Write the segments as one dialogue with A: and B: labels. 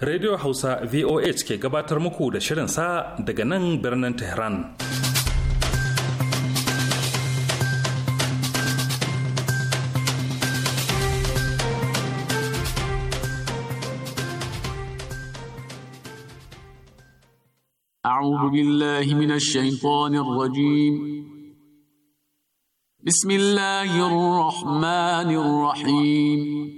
A: radio hausa voh ke gabatar muku da shirin daga nan birnin tehran
B: أعوذ بالله من الشيطان الرجيم بسم الله الرحمن الرحيم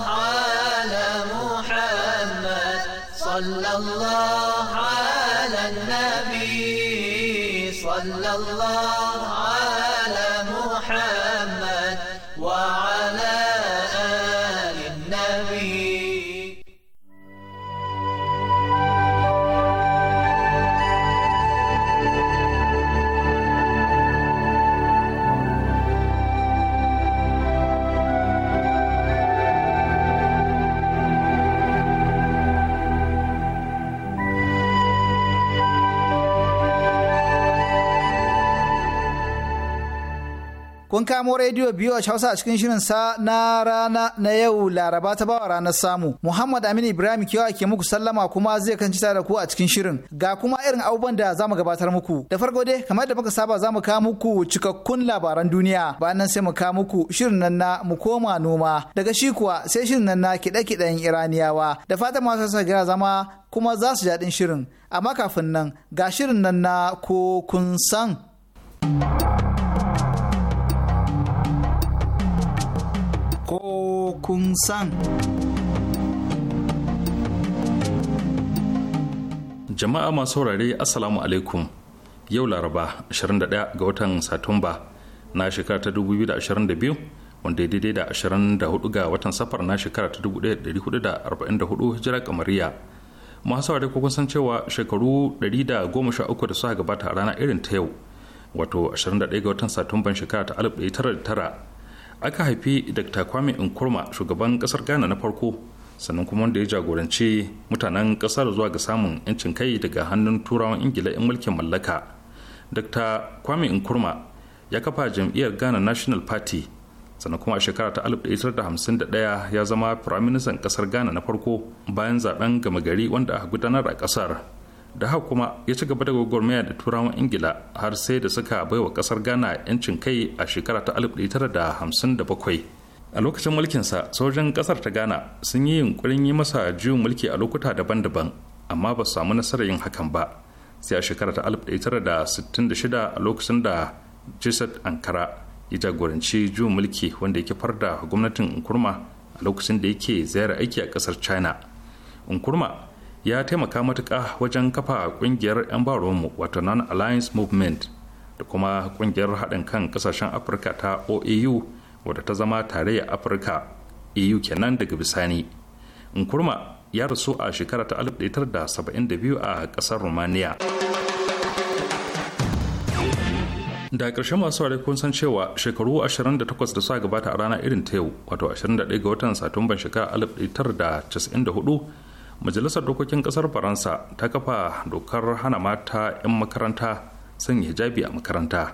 B: Allah
C: kamo rediyo biyu a Hausa a cikin shirin sa na rana na yau Laraba ta bawa ranar samu. Muhammad Aminu Ibrahim Kiyawa ke muku sallama kuma zai cita da ku a cikin shirin. Ga kuma irin abubuwan da za mu gabatar muku. Da farko dai kamar da muka saba za mu kawo muku cikakkun labaran duniya. Bayan nan sai mu kawo muku shirin nan na mu koma noma. Daga shi kuwa sai shirin nan na kiɗe-kiɗen Iraniyawa. Da fatan masu sa zama kuma za su jaɗin shirin. Amma kafin nan ga shirin nan na ko kun san. kun san.
A: Jama'a masu saurare Assalamu alaikum yau Laraba 21 ga watan Satumba na shekara ta 2022 wanda daidai da 24 ga watan safar na shekara ta 1444 hijira kamariya. Masu saurare kun san cewa shekaru 113 da suka gabata a rana irin ta yau wato 21 ga watan Satumban shekara ta 1909 aka haifi dr kwame nkrumah shugaban kasar ghana na farko sannan kuma wanda ya jagoranci mutanen kasar zuwa ga samun 'yancin kai daga hannun turawan ingila 'yan mulkin mallaka dr kwame nkrumah ya kafa jam'iyyar ghana national party sannan kuma a shekara ta 1951 ya zama firaministan kasar ghana na farko bayan zaben gama gari wanda aka gudanar a kasar da haka kuma ya ci gaba da gwagwarmaya da turawan ingila har sai da suka baiwa kasar ghana 'yancin kai a shekara ta 1957 a lokacin mulkinsa sojan kasar ta ghana sun yi yunkurin yi masa juyin mulki a lokuta daban-daban amma ba su samu nasarar yin hakan ba sai a shekara ta 1966 a lokacin da jisad ankara ya jagoranci juyin mulki wanda ya kifar da gwamnatin nkurma a lokacin da yake ziyara aiki a kasar china unkurma. ya taimaka matuƙa wajen kafa ƙungiyar 'yan baronmu wato non-alliance movement da kuma ƙungiyar haɗin kan ƙasashen afirka ta oau wadda ta zama tarayyar afirka eu kenan daga bisani nkurma ya rasu a shekara ta 1972 a ƙasar romania da ƙarshen masu ware kun san cewa shekaru 28 da suka gabata a rana irin ta yau wato 21 ga watan satumban shekara 1994 majalisar dokokin kasar faransa ta kafa dokar hana mata 'yan makaranta sanya hijabi a makaranta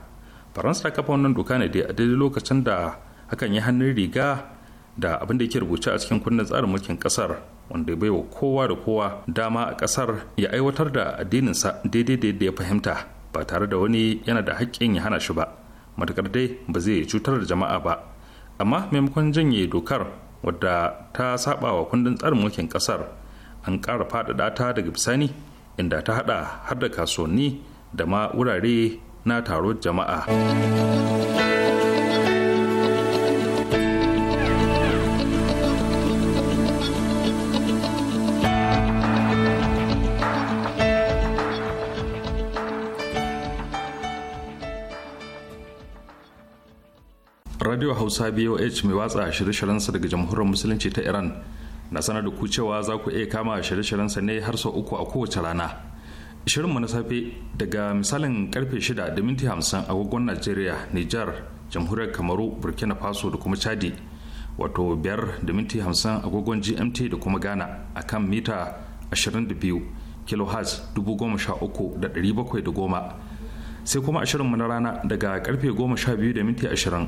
A: faransa ta kafa wannan doka ne a daidai lokacin da hakan ya hannun riga da abin da ke rubuce a cikin kundin tsarin mulkin kasar wanda bai wa kowa da kowa dama a kasar ya aiwatar da addininsa daidai da ya fahimta ba tare da wani yana da haƙƙin ya hana shi ba matakar dai ba zai cutar da jama'a ba amma maimakon janye dokar wadda ta saba wa kundin tsarin mulkin kasar an ƙara faɗaɗa ta daga bisani inda ta haɗa har da kasuwanni da ma wurare na taro jama'a radio hausa boh mai watsa shirye-shiryensa daga jamhuriyar musulunci ta iran na sanar da ku cewa za ku iya kama shirye-shiryen sa ne har sau uku a kowace rana mu na safe daga misalin karfe 6 da minti 50 agogon najeriya nijar jamhuriyar kamaru burkina faso da kuma chadi wato 5 da minti 50 agogon gmt da kuma ghana a kan mita 22 kilohertz 13710 sai kuma mu na rana daga karfe 12 da minti 20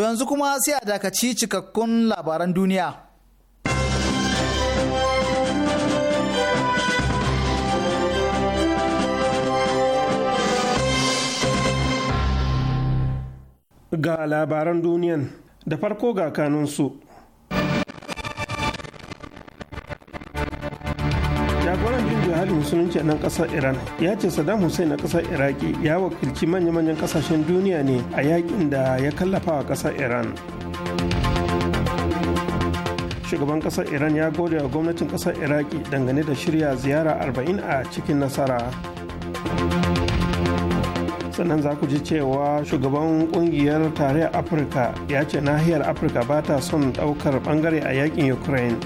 C: To yanzu kuma sai a dakaci cikakkun labaran duniya.
D: Ga labaran duniyan da farko ga kanunsu. jagoran jin jihadin musulunci a nan kasar iran ya ce saddam hussein na kasar iraki ya wakilci manya-manyan kasashen duniya ne a yakin da ya kallafa wa kasar iran shugaban kasar iran ya gode wa gwamnatin kasar iraki dangane da shirya ziyara 40 a cikin nasara sannan za ku ji cewa shugaban kungiyar tarayyar afirka ya ce nahiyar afirka ba ta son daukar bangare a yakin ukraine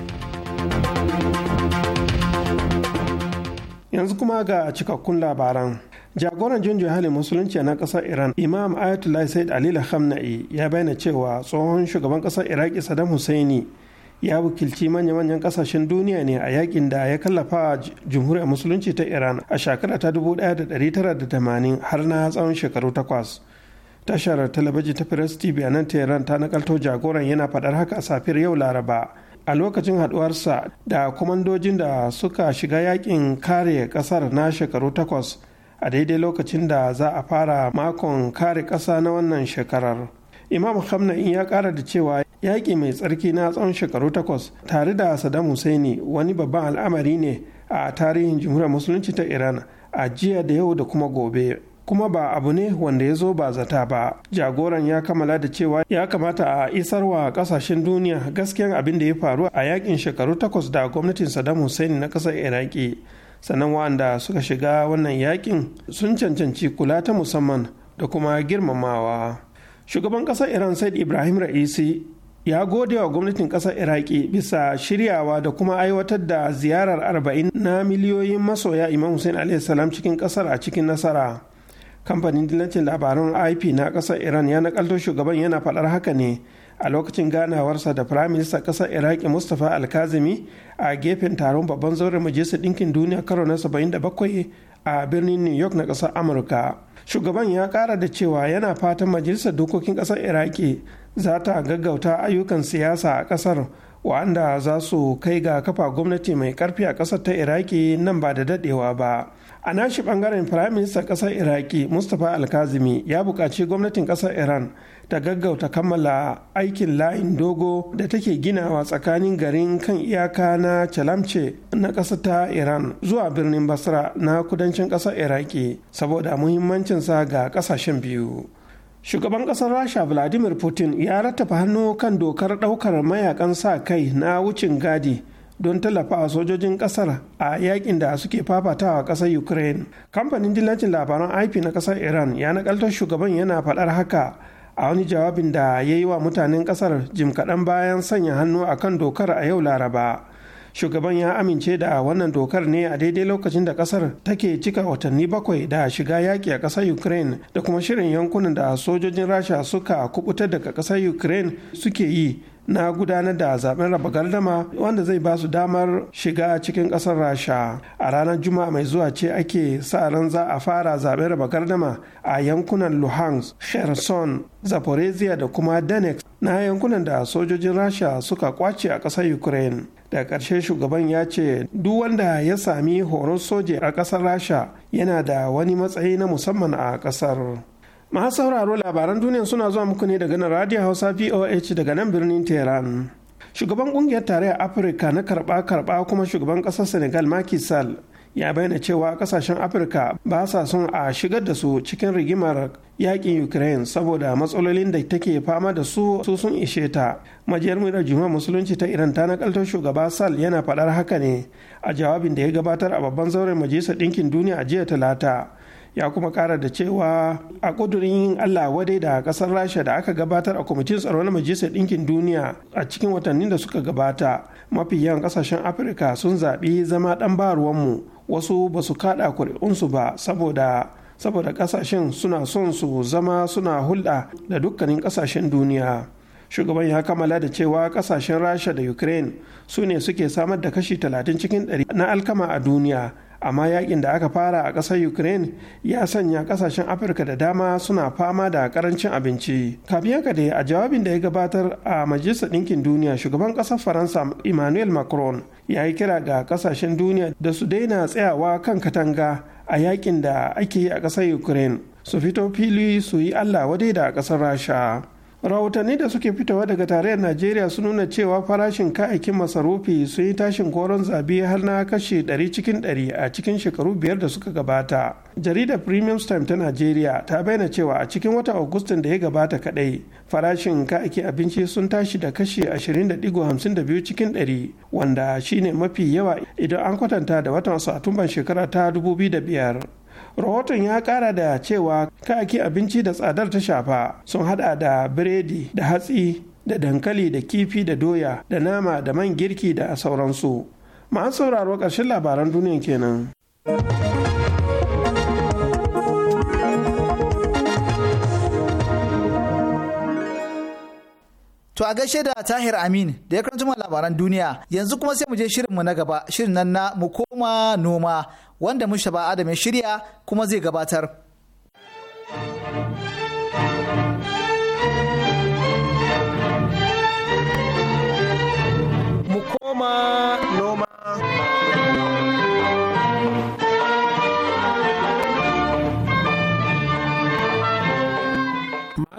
D: yanzu kuma ga cikakkun labaran jagoran jinjin halin musulunci na kasar iran imam ayatollah said ali hamna'i ya bayyana cewa tsohon shugaban ƙasar iraki saddam husaini ya wakilci manya-manyan kasashen duniya ne a yakin da ya kallafa jamhuriyar musulunci ta iran a shekara ta 1980 har na tsawon shekaru takwas tashar talabijin ta press tv a nan teran ta nakalto jagoran yana faɗar haka a safiyar yau laraba a lokacin haduwarsa da kwamandojin da suka shiga yakin kare kasar na shekaru takwas a daidai lokacin da za a fara makon kare kasa na wannan shekarar imam in ya kara da cewa yaƙi mai tsarki na tsawon shekaru takwas tare da saddam husaini wani babban al'amari ne a tarihin jamhuriyar musulunci ta iran a jiya da yau da kuma gobe kuma ba abu ne wanda ya zo ba zata ba jagoran ya kammala da cewa ya kamata a isarwa kasashen duniya gaskiyan abin da ya faru a yakin shekaru takwas da gwamnatin saddam hussein na kasar iraki sannan wa'anda suka shiga wannan yakin sun cancanci kula ta musamman da kuma girmamawa shugaban kasar iran said ibrahim ra'isi ya gode wa gwamnatin kasar iraki bisa shiryawa da kuma aiwatar da ziyarar arba'in na miliyoyin masoya imam hussein a.s. cikin kasar a cikin nasara kamfanin dillancin labaran ip na ƙasar iran ya nakalto shugaban yana faɗar haka ne a lokacin ganawarsa da firayim minista ƙasar iraki mustapha alkazimi a gefen taron babban zauren majalisar ɗinkin duniya karo na 77 a birnin new york na ƙasar amurka shugaban ya ƙara da cewa yana fatan majalisar dokokin ƙasar iraki za ta gaggauta ayyukan siyasa a ƙasar wa'anda za su kai ga kafa gwamnati mai ƙarfi a ƙasar ta iraki nan ba da daɗewa ba a nashi bangaren firaministan kasar iraki mustapha alkazimi ya buƙaci gwamnatin kasar iran ta gaggauta kammala aikin layin dogo da take ginawa tsakanin garin kan iyaka na calamce na ƙasa ta iran zuwa birnin basra na kudancin ƙasar iraki saboda muhimmancinsa ga ƙasashen biyu shugaban ƙasar rasha vladimir putin ya rattafa hannu kan dokar ɗaukar mayakan sa kai na wucin gadi don tallafa a sojojin kasar a yakin da suke fafatawa a kasar ukraine kamfanin dillacin labaran ip na kasar iran ya nakaltar shugaban yana faɗar haka a wani jawabin da ya yi wa mutanen kasar jim kaɗan bayan sanya hannu a kan dokar a yau laraba shugaban ya amince da wannan dokar ne a daidai lokacin da kasar take cika watanni bakwai da shiga yaki a ƙasar ukraine da kuma shirin yankunan da sojojin rasha suka kubutar daga ƙasar ukraine suke yi na gudanar da zaben raba gardama wanda zai ba su damar shiga cikin ƙasar rasha a ranar juma'a mai zuwa ce ake sa ran za a fara zaben raba gardama a yankunan luhansk kherson zaporizhia da kuma danex na yankunan da sojojin rasha suka kwace a ƙasar ukraine da ƙarshe shugaban ya ce duk wanda ya sami horon soja a ƙasar rasha yana da wani matsayi na musamman a ƙasar. masu sauraro labaran duniya suna zuwa muku ne daga nan radio hausa voh daga nan birnin tehran shugaban kungiyar tarayyar afirka na karba-karba kuma shugaban kasar senegal Macky Sall ya bayyana cewa kasashen afirka ba sa son a shigar da su cikin rigimar yakin ukraine saboda matsalolin da take fama da su su sun ishe ta majiyar da juma musulunci ta iran ta nakaltar shugaba Sall yana faɗar haka ne a jawabin da ya gabatar a babban zauren majalisar ɗinkin duniya a jiya talata ya kuma kara da cewa a kudurin allah wadai da kasar rasha da aka gabatar a kwamitin tsaro na majalisar ɗinkin duniya a cikin watannin da suka gabata mafi yawan kasashen afirka sun zaɓi zama ɗan baruwanmu wasu ba su kaɗa kuri'unsu ba saboda saboda kasashen suna son su zama suna hulɗa da dukkanin kasashen duniya shugaban ya kammala da cewa kasashen rasha da ukraine su ne suke samar da kashi 30 cikin 100 na alkama a duniya amma yakin da aka fara a ƙasar ukraine ya sanya ƙasashen afirka da dama suna fama da ƙarancin abinci kafin haka dai a jawabin da ya gabatar a majalisar ɗinkin duniya shugaban ƙasar faransa emmanuel macron ya yi kira ga ƙasashen duniya da su daina tsayawa kan katanga a yakin da ake yi a ƙasar ukraine su fito fili su yi allah wadai da ƙasar rasha rahotanni da suke fitowa daga tarayyar najeriya sun nuna cewa farashin ka'aikin masarufi sun yi tashin koron zabi har na kashe 100 cikin 100 a cikin shekaru biyar da suka gabata jaridar premium time ta najeriya ta bayyana cewa a cikin watan agustan da ya gabata kadai farashin kaaiki abinci sun tashi da kashe 20.52 cikin 100 wanda shine mafi yawa idan an kwatanta da watan satumban shekara ta 2005 rahoton ya kara da cewa kayaki abinci da tsadar ta shafa sun hada da biredi da hatsi da dankali da kifi da doya da nama da man girki da sauransu ma'an sauraro ƙarshen labaran duniya kenan.
C: To a gaishe da Tahir Amin da ya karanta mana labaran duniya yanzu kuma sai mu je shirin mu na gaba shirin nan na mu koma noma wanda mun shaba Adam ya shirya kuma zai gabatar. Mu koma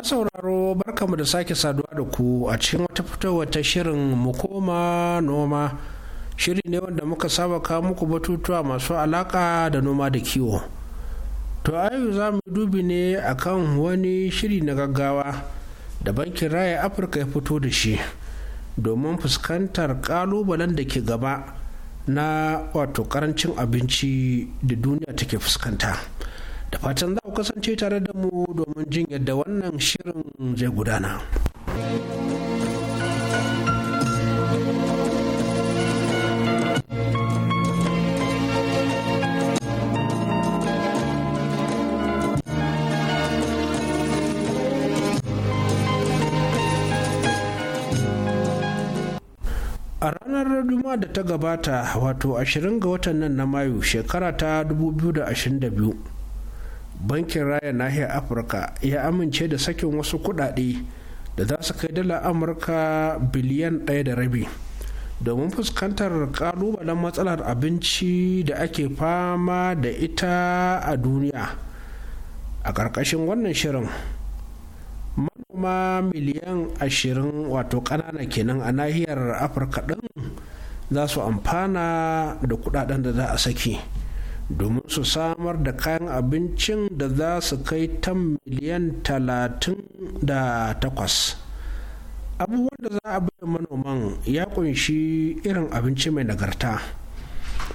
E: sauraro barkamu da sake saduwa da ku a cikin wata fitowar ta shirin mu koma noma shiri ne wanda muka saba kawo muku batutuwa masu alaka da noma da kiwo to ayu za mu dubi ne akan wani shiri na gaggawa da bankin raya afirka ya fito da shi domin fuskantar kalubalen da ke gaba na wato karancin abinci da duniya take fuskanta. fuskanta da fatan za ku kasance tare da mu domin jin yadda wannan shirin zai gudana. a ranar juma da ta gabata wato 20 ga watan nan na mayu shekara ta 2022 bankin raya nahiyar afirka ya amince da sakin wasu kudade da za su kai dala amurka biliyan ɗaya da rabi domin fuskantar kalubalen matsalar abinci da ake fama da ita a duniya a ƙarƙashin wannan shirin manoma miliyan ashirin wato ƙanana kenan a nahiyar afirka ɗin za su amfana da kudaden da za a saki. domin su samar da kayan abincin da za su kai ta miliyan talatin da takwas abubuwan da za a bayar manoman ya kunshi irin abinci mai nagarta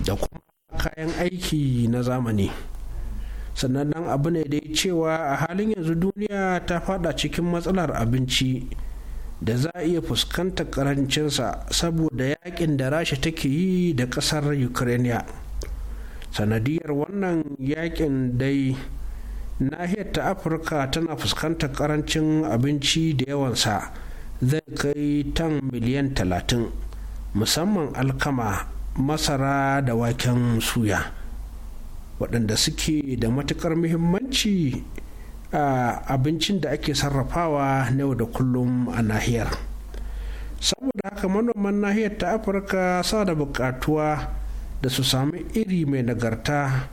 E: da kuma kayan aiki na zamani sannan nan abu ne da dai cewa a halin yanzu duniya ta fada cikin matsalar abinci da za a iya fuskantar karancinsa saboda yakin da rasha take yi da kasar ukraine sanadiyar wannan yakin dai nahiyar ta afirka tana fuskantar karancin abinci da yawansa zai kai tan miliyan talatin musamman alkama masara da waken suya waɗanda suke da matukar muhimmanci a abincin da ake sarrafawa na yau da kullum a nahiyar saboda haka manoman nahiyar ta afirka sa da buƙatuwa da su sami iri mai nagarta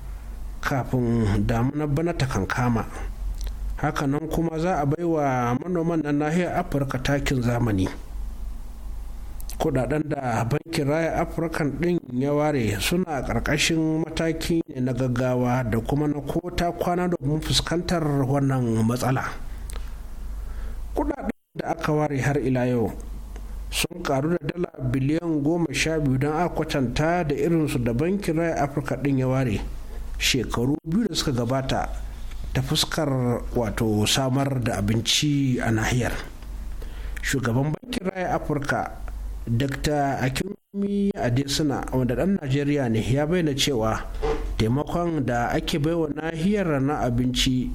E: kafin damuna bana ta kankama hakanan kuma za a baiwa manoman na nahiyar afirka takin zamani kudaden da bankin raya afirka din ya ware suna ƙarƙashin mataki ne na gaggawa da kuma na kota kwana domin fuskantar wannan matsala kudaden da aka ware har ila yau sun karu da dala biliyan goma sha biyu don akwatanta da irinsu da bankin raya afirka din ya ware shekaru biyu da suka gabata ta fuskar wato samar da abinci a nahiyar shugaban bankin raya afirka dr akinmi adesina wanda dan najeriya ne ya bayyana cewa taimakon da ake baiwa nahiyar na abinci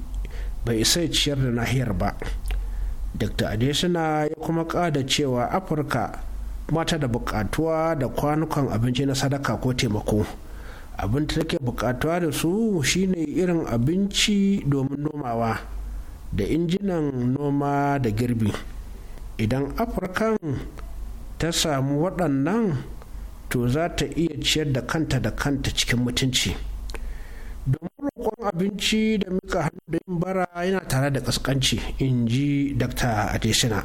E: bai isa ciyar da nahiyar ba dr adesina ya kuma ƙada cewa afirka mata da buƙatuwa da kwanukan abinci na sadaka ko taimako abin da take buƙatuwa da su shine irin abinci domin nomawa da injinan noma da girbi idan afirkan ta samu waɗannan to za ta iya ciyar da kanta da kanta cikin mutunci domin roƙon abinci da mika hannu da yin bara yana tare da ƙasƙanci in ji dr adesina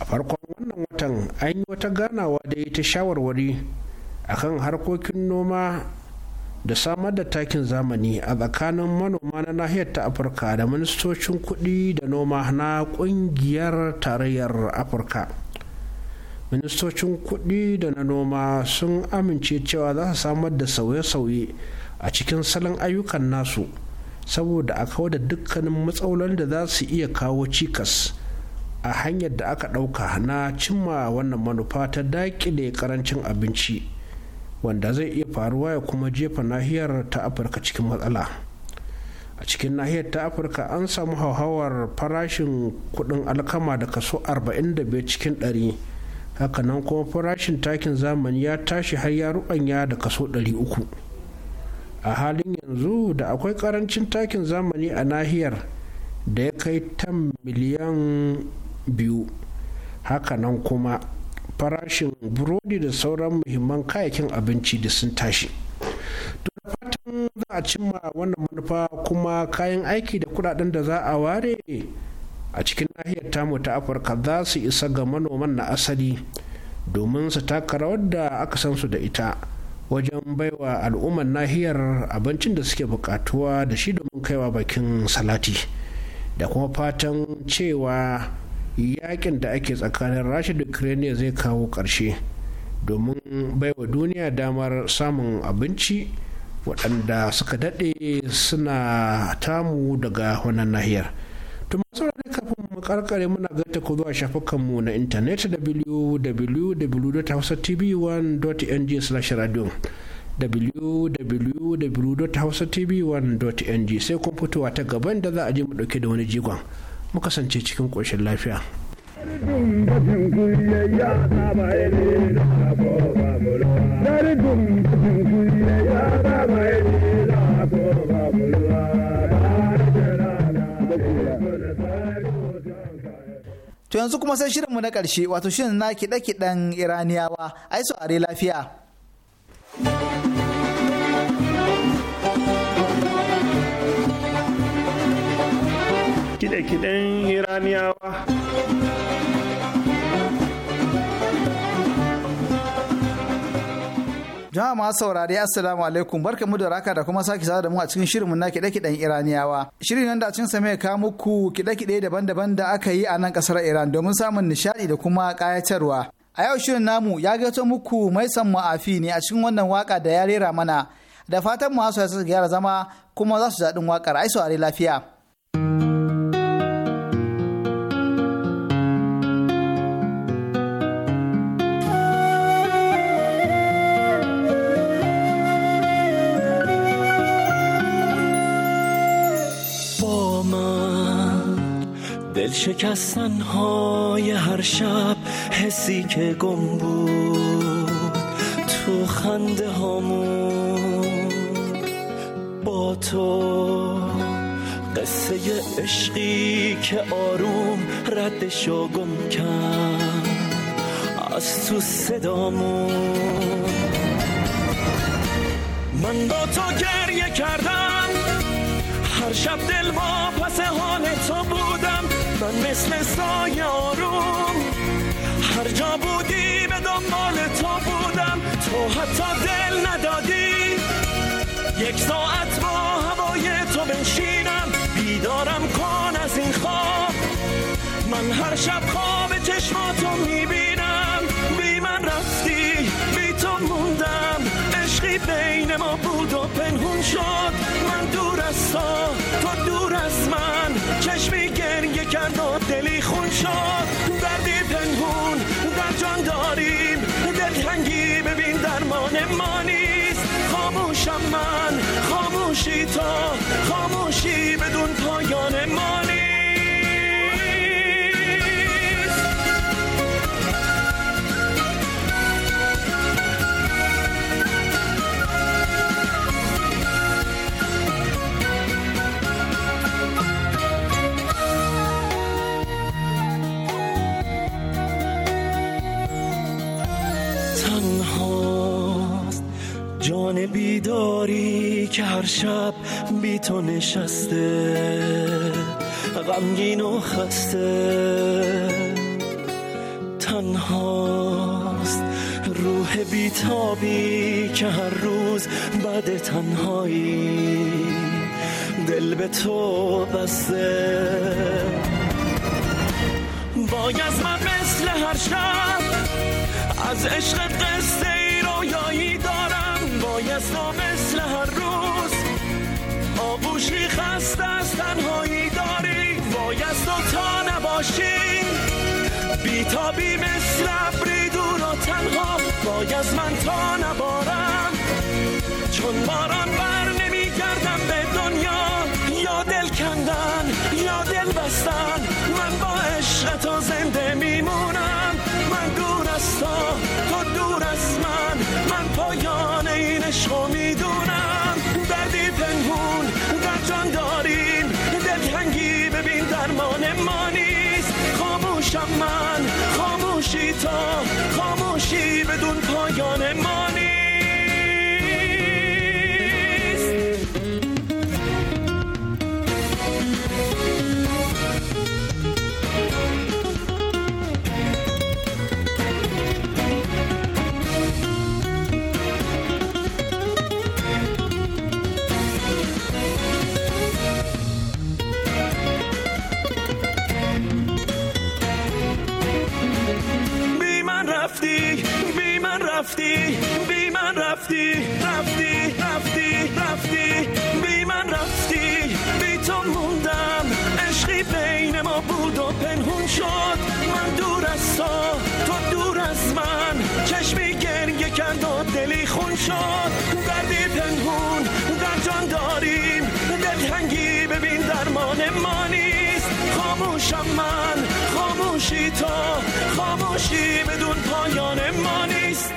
E: a farkon wannan watan an yi wata ganawa da ita shawarwari akan harkokin noma da samar da takin zamani a tsakanin manoma na nahiyar ta afirka da ministocin kudi da noma na kungiyar tarayyar afirka ministocin kudi da na noma sun amince cewa za su samar da sauye-sauye a cikin salon ayyukan nasu saboda a kawo da dukkanin matsalolin da za su iya kawo cikas a hanyar da aka ɗauka na cimma wannan manufa ta daƙile karancin abinci wanda zai iya faruwa ya kuma jefa nahiyar ta afirka cikin matsala a cikin nahiyar ta afirka an samu hauhawar farashin kudin alkama da kaso 45 cikin 100 hakanan kuma farashin takin zamani ya tashi har ya rubanya da kaso 300 a halin yanzu da akwai karancin takin zamani a nahiyar da ya kai tan miliyan biyu hakanan kuma farashin burodi da sauran muhimman kayakin abinci da sun tashi da fatan za a cimma wannan manufa kuma kayan aiki da kudaden da za a ware a cikin nahiyar tamu ta afirka za su isa ga manoman na asali domin su taka rawar da aka san su da ita wajen baiwa al'ummar nahiyar abincin da suke bukatuwa da shi domin kaiwa bakin salati da kuma fatan cewa yakin da ake tsakanin rasha da ukraine zai kawo ƙarshe domin baiwa duniya damar samun abinci waɗanda suka daɗe suna tamu daga wannan nahiyar tun masu kafin mu karkare muna gaita ku zuwa shafukanmu na intanet www.hausatv1.ng slash radio www.hausatv1.ng sai kun fitowa ta gaban da za a je mu ɗauke da wani jigon. mu kasance cikin ƙoshin lafiya.
C: To yanzu kuma sai shirinmu na ƙarshe wato shirin na kiɗe-kiɗen Iraniyawa, ai su are lafiya.
D: kiɗe-kiɗen iraniyawa
C: jama'a masu saurari assalamu alaikum barka mu da raka da kuma sake sada da mu a cikin shirinmu na kiɗe-kiɗen iraniyawa shirin nan da cin sa mai kawo muku kiɗe-kiɗe daban-daban da aka yi a nan ƙasar iran domin samun nishaɗi da kuma kayatarwa. a yau shirin namu ya gato muku mai san ma'afi ne a cikin wannan waka da ya rera mana da fatan masu su gyara zama kuma za su daɗin wakar ai saurari lafiya
B: شکستن های هر شب حسی که گم بود تو خنده هامون با تو قصه عشقی که آروم ردش و گم کرد از تو صدامون من با تو گریه کردم هر شب دل ما پس مثل سایارو هر جا بودی به دنبال تو بودم تو حتی دل ندادی یک ساعت با هوای تو بنشینم بیدارم کن از این خواب من هر شب خواب چشماتو میبینم بی من رفتی بی تو موندم عشقی بین ما بود و پنهون شد من دور از بیداری که هر شب بی تو نشسته غمگین و خسته تنهاست روح بیتابی که هر روز بعد تنهایی دل به تو بسته بای از من مثل هر شب از عشق قصه است و مثل هر روز آبوشی خسته از تنهایی داری از و تا نباشی بیتابی مثل ابری دور و تنها از من تا نبارم چون باران بر نمی به دنیا یا دل کندن یا دل بستن من با عشق تا زنده میمونم من دور از تو تو دور از من من پایان عشقو میدونم دردی پنهون در جان داریم دلتنگی ببین درمان ما نیست خاموشم من خاموشی تو دلی خون شد دردی پنهون در جان داریم دلتنگی ببین درمان ما نیست خاموشم من خاموشی تا خاموشی بدون پایان ما نیست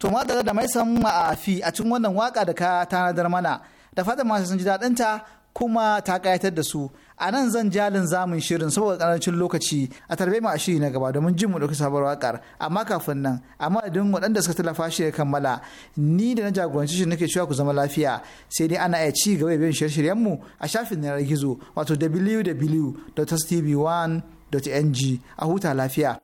C: to ma da mai san ma'afi a cikin wannan waka da ka tanadar mana da fatan masu sun ji daɗinta kuma ta ƙayatar da su a nan zan jalin zamun shirin saboda karancin lokaci a tarbe mu a shiri na gaba domin jin mu ɗauki sabuwar wakar amma kafin nan a madadin waɗanda suka tallafa shi ya kammala ni da na jagoranci shi nake cewa ku zama lafiya sai dai ana iya ci gaba da bin shirye-shiryen mu a shafin na gizo wato www.tv1.ng a huta lafiya.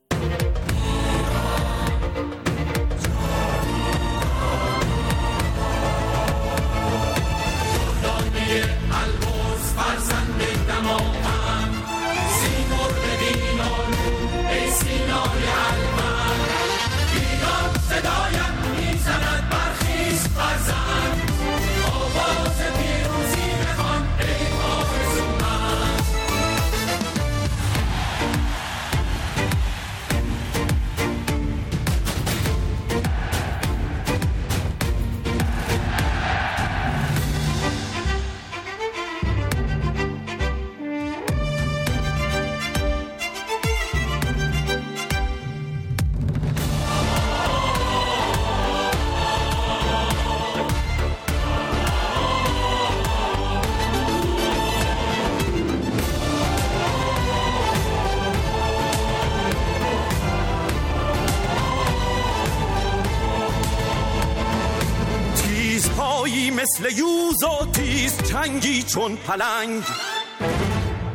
B: یوز و تیز چنگی چون پلنگ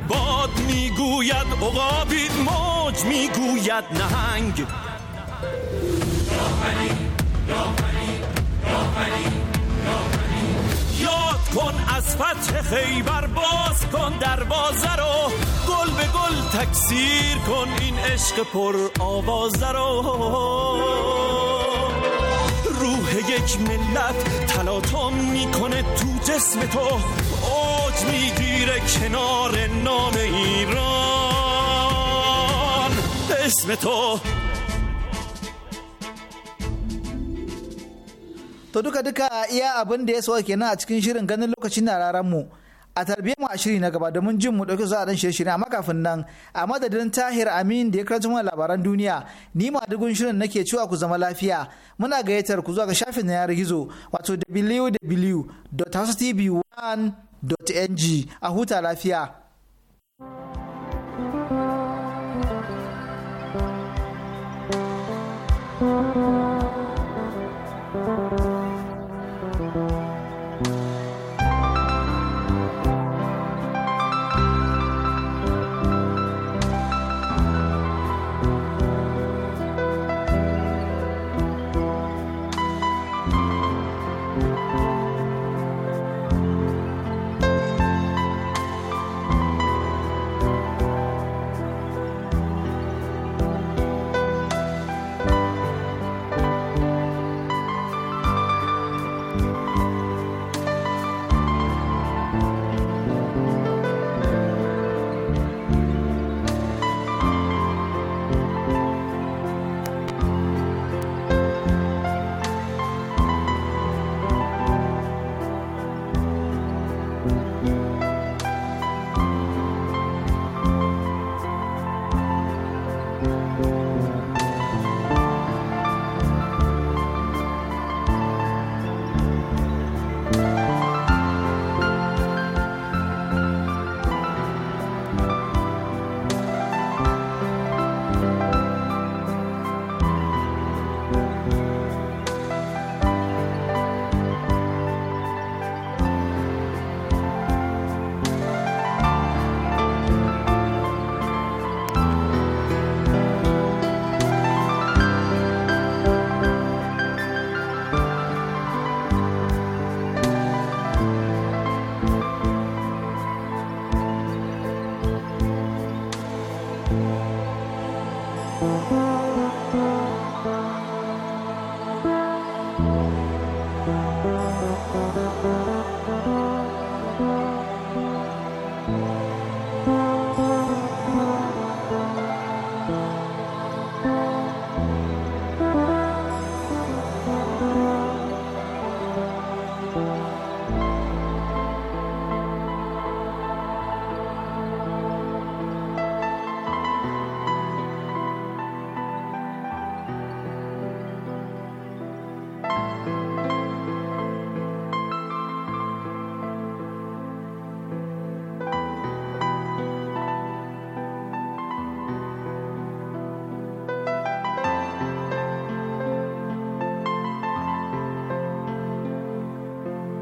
B: باد میگوید اقابید موج میگوید نهنگ یاد کن از فتح خیبر باز کن دروازه رو گل به گل تکثیر کن این عشق پر آوازه رو یک ملت تلاطم میکنه تو جسم تو اوج میگیره کنار نام ایران اسم تو
C: to duka duka iya abin da ya sauke na a cikin shirin ganin lokacin na mu a tarbiyyar mu a shiri na gaba domin jin mu dauki zuwa dan shirye-shirye amma kafin nan a madadin Tahir Amin da ya karanta mana labaran duniya ni ma dugun shirin nake cewa ku zama lafiya muna gayyatar ku zuwa ga shafin na yanar gizo wato www.housetv1.ng a huta lafiya.